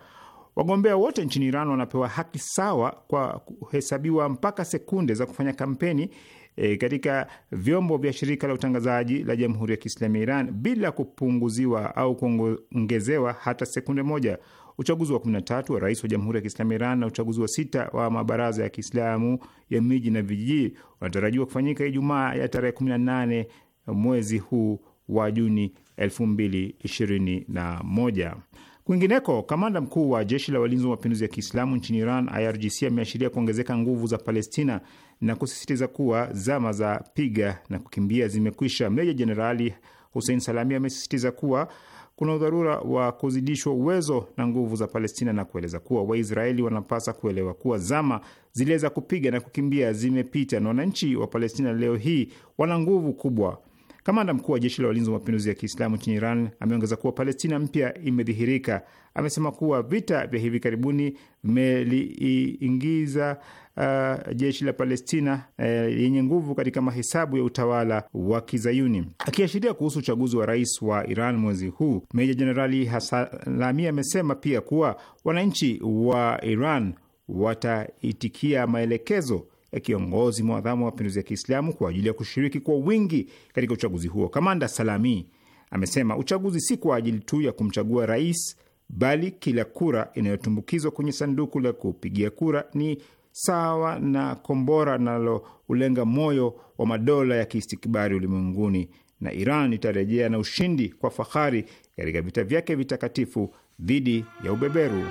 Wagombea wote nchini Iran wanapewa haki sawa kwa kuhesabiwa mpaka sekunde za kufanya kampeni e, katika vyombo vya shirika la utangazaji la Jamhuri ya Kiislamu ya Iran bila kupunguziwa au kuongezewa hata sekunde moja. Uchaguzi wa 13 wa rais wa Jamhuri ya Kiislamu Iran na uchaguzi wa sita wa mabaraza ya Kiislamu ya miji na vijiji unatarajiwa kufanyika Ijumaa ya tarehe 18 mwezi huu wa Juni 2021. Kwingineko, kamanda mkuu wa jeshi la walinzi wa mapinduzi ya Kiislamu nchini Iran, IRGC, ameashiria kuongezeka nguvu za Palestina na kusisitiza kuwa zama za piga na kukimbia zimekwisha. Meja Jenerali Hussein Salami amesisitiza kuwa kuna udharura wa kuzidishwa uwezo na nguvu za Palestina na kueleza kuwa Waisraeli wanapasa kuelewa kuwa zama zile za kupiga na kukimbia zimepita na wananchi wa Palestina leo hii wana nguvu kubwa. Kamanda mkuu wa jeshi la walinzi wa mapinduzi ya Kiislamu nchini Iran ameongeza kuwa Palestina mpya imedhihirika. Amesema kuwa vita vya hivi karibuni vimeliingiza Uh, jeshi la Palestina uh, yenye nguvu katika mahesabu ya utawala wa Kizayuni. Akiashiria kuhusu uchaguzi wa rais wa Iran mwezi huu, Meja Jenerali Hasalami amesema pia kuwa wananchi wa Iran wataitikia maelekezo ya kiongozi mwadhamu wa mapinduzi ya Kiislamu kwa ajili ya kushiriki kwa wingi katika uchaguzi huo. Kamanda Salami amesema uchaguzi si kwa ajili tu ya kumchagua rais, bali kila kura inayotumbukizwa kwenye sanduku la kupigia kura ni sawa na kombora linalolenga moyo wa madola ya kiistikibari ulimwenguni, na Iran itarejea na ushindi kwa fahari katika vita vyake vitakatifu dhidi ya ubeberu.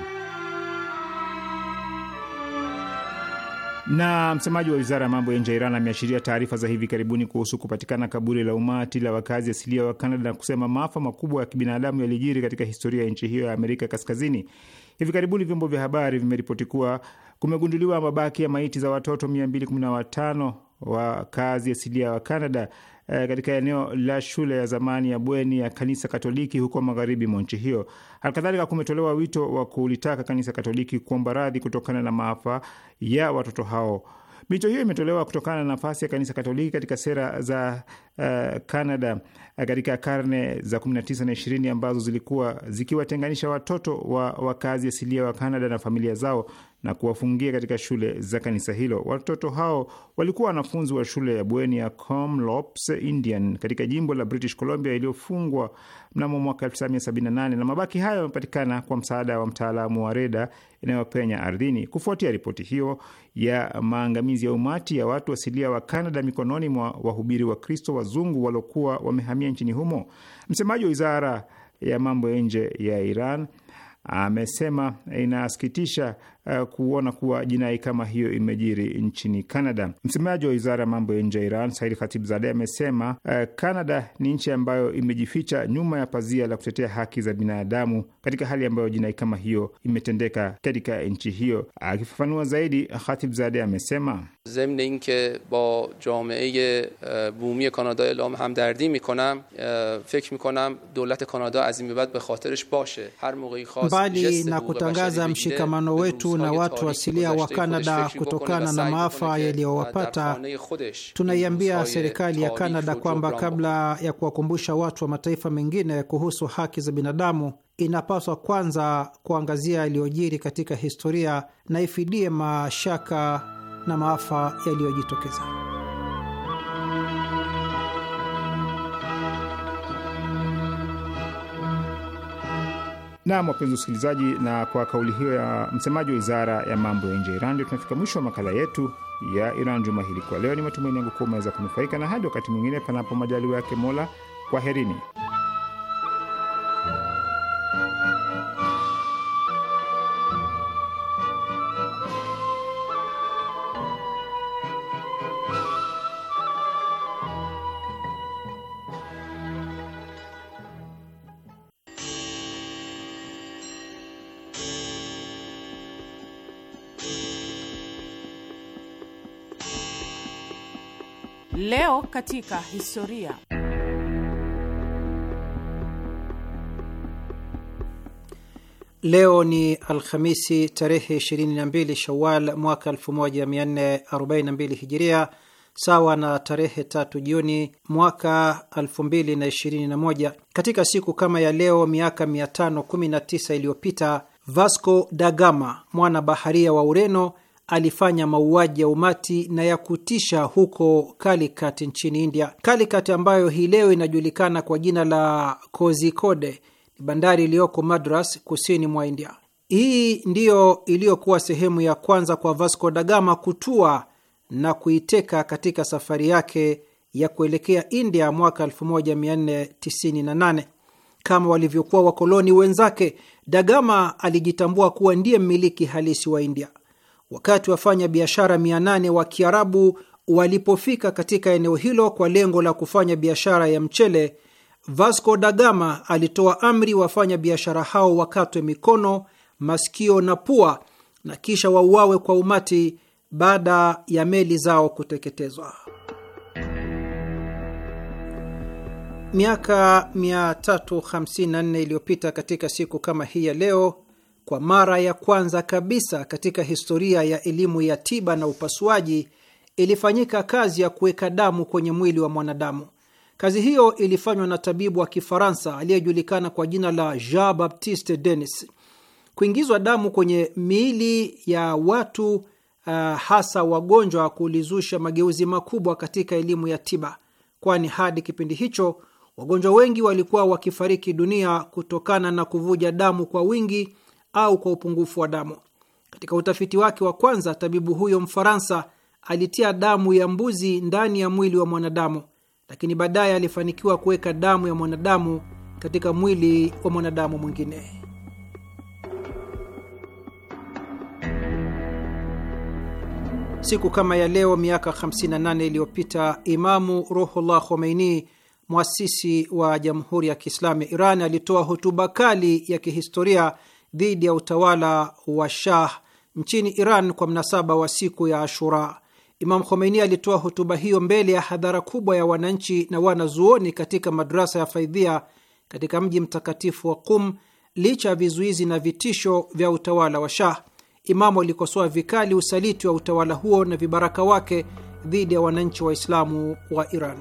na msemaji wa wizara ya mambo ya nje ya Iran ameashiria taarifa za hivi karibuni kuhusu kupatikana kaburi la umati la wakazi asilia wa Kanada na kusema maafa makubwa ya kibinadamu yalijiri katika historia ya nchi hiyo ya Amerika Kaskazini. Hivi karibuni vyombo vya habari vimeripoti kuwa kumegunduliwa mabaki ya maiti za watoto 215 wa kazi asilia wa Canada eh, katika eneo la shule ya zamani ya bweni ya kanisa Katoliki huko magharibi mwa nchi hiyo. Halikadhalika, kumetolewa wito wa kulitaka kanisa Katoliki kuomba radhi kutokana na maafa ya watoto hao. Mito hiyo imetolewa kutokana na nafasi ya kanisa Katoliki katika sera za Kanada eh, uh, eh, uh, katika karne za 19 na 20 ambazo zilikuwa zikiwatenganisha watoto wa wakazi asilia wa Canada na familia zao na kuwafungia katika shule za kanisa hilo. Watoto hao walikuwa wanafunzi wa shule ya bweni ya Comlops Indian katika jimbo la British Columbia iliyofungwa mnamo mwaka 1978 na mabaki hayo yamepatikana kwa msaada wa mtaalamu wa reda inayopenya ardhini. Kufuatia ripoti hiyo ya maangamizi ya umati ya watu asilia wa canada mikononi mwa wahubiri wa Kristo wazungu waliokuwa wamehamia nchini humo, msemaji wa wizara ya mambo ya nje ya Iran amesema inasikitisha Eh, kuona kuwa jinai kama hiyo imejiri nchini Canada. Msemaji wa wizara ya mambo ya nje ya Iran Said Khatibzadeh amesema uh, Canada ni nchi ambayo imejificha nyuma ya pazia la kutetea haki za binadamu katika hali ambayo jinai kama hiyo imetendeka katika nchi hiyo. Akifafanua zaidi, Khatibzadeh amesema zemne inke ba jamee بومی کانادا اعلام همدردی میکنم eh, فکر mikonam دولت کانادا از این به بعد به خاطرش bali na kutangaza mshikamano wetu na watu asilia wa Kanada kutokana na maafa yaliyowapata, tunaiambia serikali ya Kanada kwamba kabla ya kuwakumbusha watu wa mataifa mengine kuhusu haki za binadamu, inapaswa kwanza kuangazia yaliyojiri katika historia na ifidie mashaka na maafa yaliyojitokeza. Nam, wapenzi usikilizaji na kwa kauli hiyo ya msemaji wa wizara ya mambo ya nje ya Iran ndio tunafika mwisho wa makala yetu ya Iran juma hili kwa leo. Ni matumaini yangu kuwa umeweza kunufaika, na hadi wakati mwingine, panapo majaliwa yake Mola, kwaherini. Leo katika historia. Leo ni Alhamisi tarehe 22 Shawal mwaka 1442 Hijiria, sawa na tarehe tatu Juni mwaka 2021. Katika siku kama ya leo miaka 519 iliyopita Vasco da Gama, mwana baharia wa Ureno alifanya mauaji ya umati na ya kutisha huko Calicut nchini India. Calicut ambayo hii leo inajulikana kwa jina la Kozhikode ni bandari iliyoko Madras, kusini mwa India. Hii ndiyo iliyokuwa sehemu ya kwanza kwa Vasco da Gama kutua na kuiteka katika safari yake ya kuelekea India mwaka 1498. Kama walivyokuwa wakoloni wenzake, Dagama alijitambua kuwa ndiye mmiliki halisi wa India wakati wafanya biashara 800 wa Kiarabu walipofika katika eneo hilo kwa lengo la kufanya biashara ya mchele, Vasco da Gama alitoa amri wafanya biashara hao wakatwe mikono, masikio na pua na kisha wauawe kwa umati baada ya meli zao kuteketezwa. Miaka 354 iliyopita katika siku kama hii ya leo kwa mara ya kwanza kabisa katika historia ya elimu ya tiba na upasuaji ilifanyika kazi ya kuweka damu kwenye mwili wa mwanadamu. Kazi hiyo ilifanywa na tabibu wa Kifaransa aliyejulikana kwa jina la Jean Baptiste Denis. Kuingizwa damu kwenye miili ya watu uh, hasa wagonjwa kulizusha mageuzi makubwa katika elimu ya tiba, kwani hadi kipindi hicho wagonjwa wengi walikuwa wakifariki dunia kutokana na kuvuja damu kwa wingi au kwa upungufu wa damu. Katika utafiti wake wa kwanza, tabibu huyo Mfaransa alitia damu ya mbuzi ndani ya mwili wa mwanadamu, lakini baadaye alifanikiwa kuweka damu ya mwanadamu katika mwili wa mwanadamu mwingine. Siku kama ya leo miaka 58 iliyopita Imamu Ruhullah Khomeini, mwasisi wa Jamhuri ya Kiislamu ya Iran, alitoa hotuba kali ya kihistoria dhidi ya utawala wa Shah nchini Iran kwa mnasaba wa siku ya Ashura. Imam Khomeini alitoa hotuba hiyo mbele ya hadhara kubwa ya wananchi na wanazuoni katika madrasa ya Faidhia katika mji mtakatifu wa Qum, licha ya vizuizi na vitisho vya utawala wa Shah. Imamu alikosoa vikali usaliti wa utawala huo na vibaraka wake dhidi ya wananchi Waislamu wa Iran.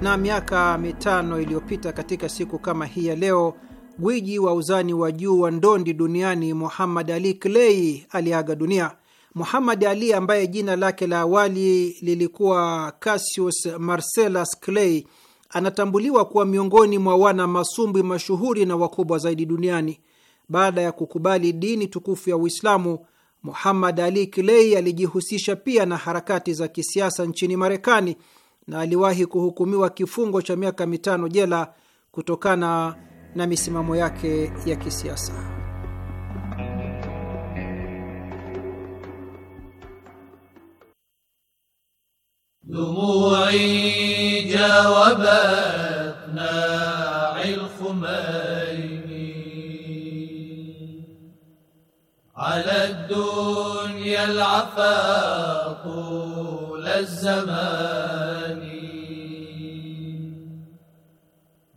Na miaka mitano iliyopita katika siku kama hii ya leo, gwiji wa uzani wa juu wa ndondi duniani Muhammad Ali Clay aliaga dunia. Muhammad Ali ambaye jina lake la awali lilikuwa Cassius Marcellus Clay anatambuliwa kuwa miongoni mwa wana masumbwi mashuhuri na wakubwa zaidi duniani. Baada ya kukubali dini tukufu ya Uislamu, Muhammad Ali Clay alijihusisha pia na harakati za kisiasa nchini Marekani na aliwahi kuhukumiwa kifungo cha miaka mitano jela kutokana na misimamo yake ya kisiasa.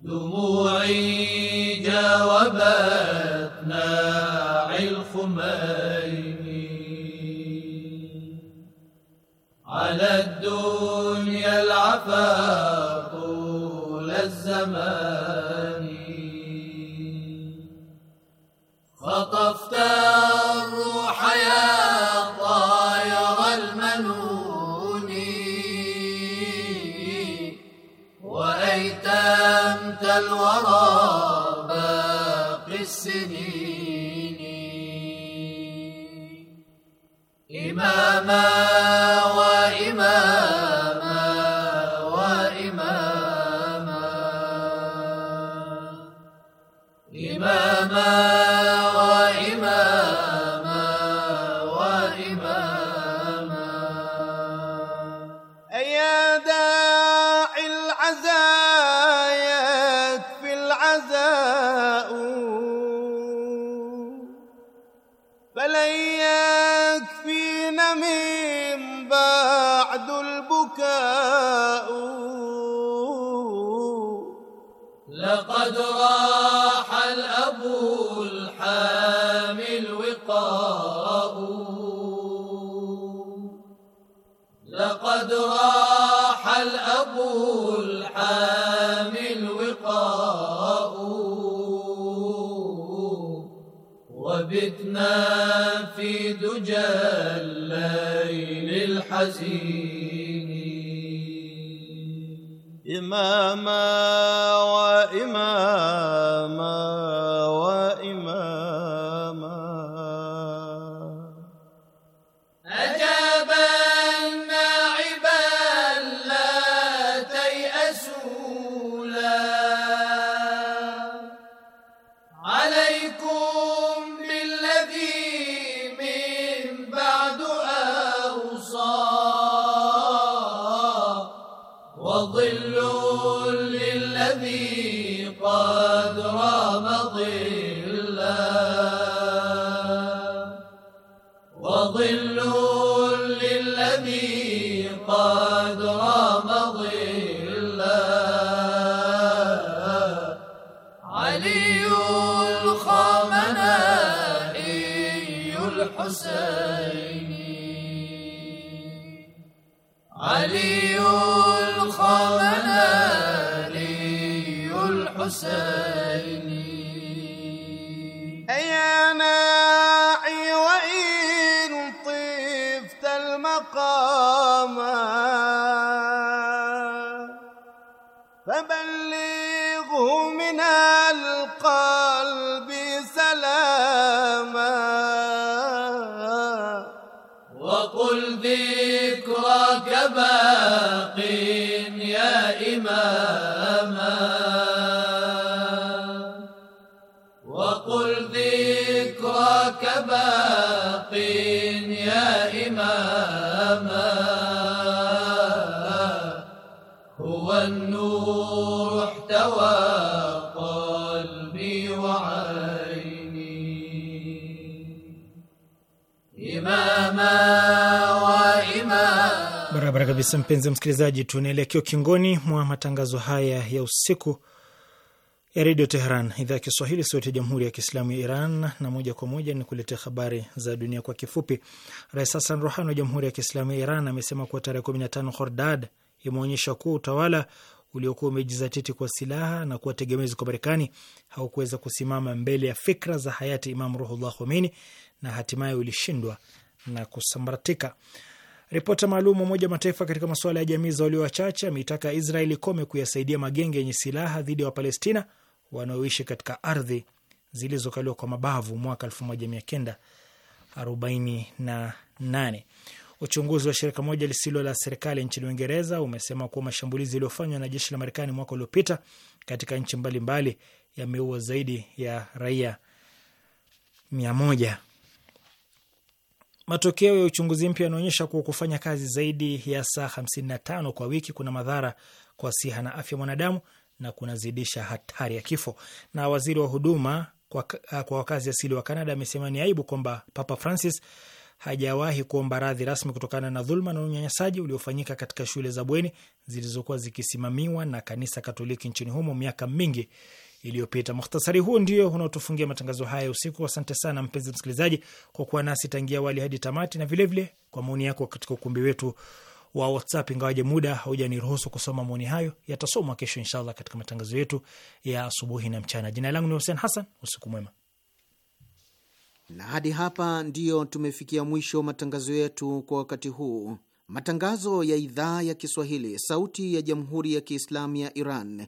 دموعي جاوبت ناعي الخميني على الدنيا العفا طول الزمان خطفت الروح يا على الورى باقي السنين إماماً إماماً kabisa, mpenzi msikilizaji, tunaelekea ukingoni mwa matangazo haya ya usiku ya redio Teheran, idhaa ya Kiswahili, sauti ya jamhuri ya kiislamu ya Iran. Na moja kwa moja ni kuletea habari za dunia kwa kifupi. Rais Hassan Rohani wa Jamhuri ya Kiislamu ya Iran amesema kuwa tarehe 15 Hordad imeonyesha kuwa utawala uliokuwa umejizatiti kwa silaha na kuwa tegemezi kwa Marekani haukuweza kusimama mbele ya fikra za hayati Imam Ruhullah Khomeini na hatimaye ulishindwa na kusambaratika. Ripota maalum wa Umoja Mataifa katika masuala ya jamii za walio wachache ameitaka Israel ikome kuyasaidia magenge yenye silaha dhidi ya Wapalestina wanaoishi katika ardhi zilizokaliwa kwa mabavu mwaka 1948. Uchunguzi wa shirika moja lisilo la serikali nchini Uingereza umesema kuwa mashambulizi yaliyofanywa na jeshi la Marekani mwaka uliopita katika nchi mbalimbali yameua zaidi ya raia mia moja. Matokeo ya uchunguzi mpya yanaonyesha kuwa kufanya kazi zaidi ya saa 55 kwa wiki kuna madhara kwa siha na afya mwanadamu na kunazidisha hatari ya kifo. Na waziri wa huduma kwa, ah, kwa wakazi asili wa Kanada amesema ni aibu kwamba Papa Francis hajawahi kuomba radhi rasmi kutokana na dhuluma na unyanyasaji uliofanyika katika shule za bweni zilizokuwa zikisimamiwa na kanisa Katoliki nchini humo miaka mingi iliyopita. Mukhtasari huu ndio unaotufungia matangazo haya usiku. Asante sana mpenzi msikilizaji kwa kuwa nasi tangia wali hadi tamati, na vilevile vile, kwa maoni yako katika ukumbi wetu wa WhatsApp. Ingawaje muda haujaniruhusu kusoma maoni hayo, yatasomwa kesho inshallah katika matangazo yetu ya asubuhi na mchana. Jina langu ni Hussein Hassan, usiku mwema. Na hadi hapa ndiyo tumefikia mwisho matangazo yetu kwa wakati huu. Matangazo ya idhaa ya Kiswahili, sauti ya jamhuri ya Kiislamu ya Iran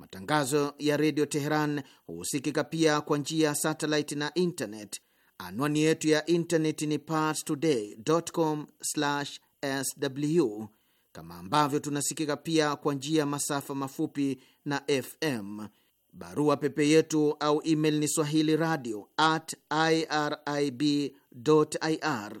Matangazo ya redio Teheran huhusikika pia kwa njia ya satellite na internet. Anwani yetu ya internet ni parstoday.com/sw, kama ambavyo tunasikika pia kwa njia ya masafa mafupi na FM. Barua pepe yetu au email ni swahili radio at irib.ir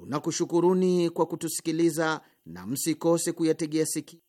Tunakushukuruni kwa kutusikiliza na msikose kuyategea sikio